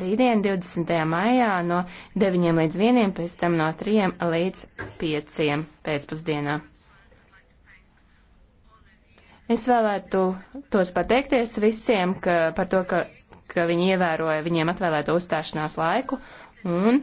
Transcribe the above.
rītdien 20. maijā no 9 līdz 1, pēc tam no 3 līdz 5 pēcpusdienā. Es vēlētu tos pateikties visiem ka, par to, ka, ka viņi ievēroja viņiem atvēlēto uzstāšanās laiku un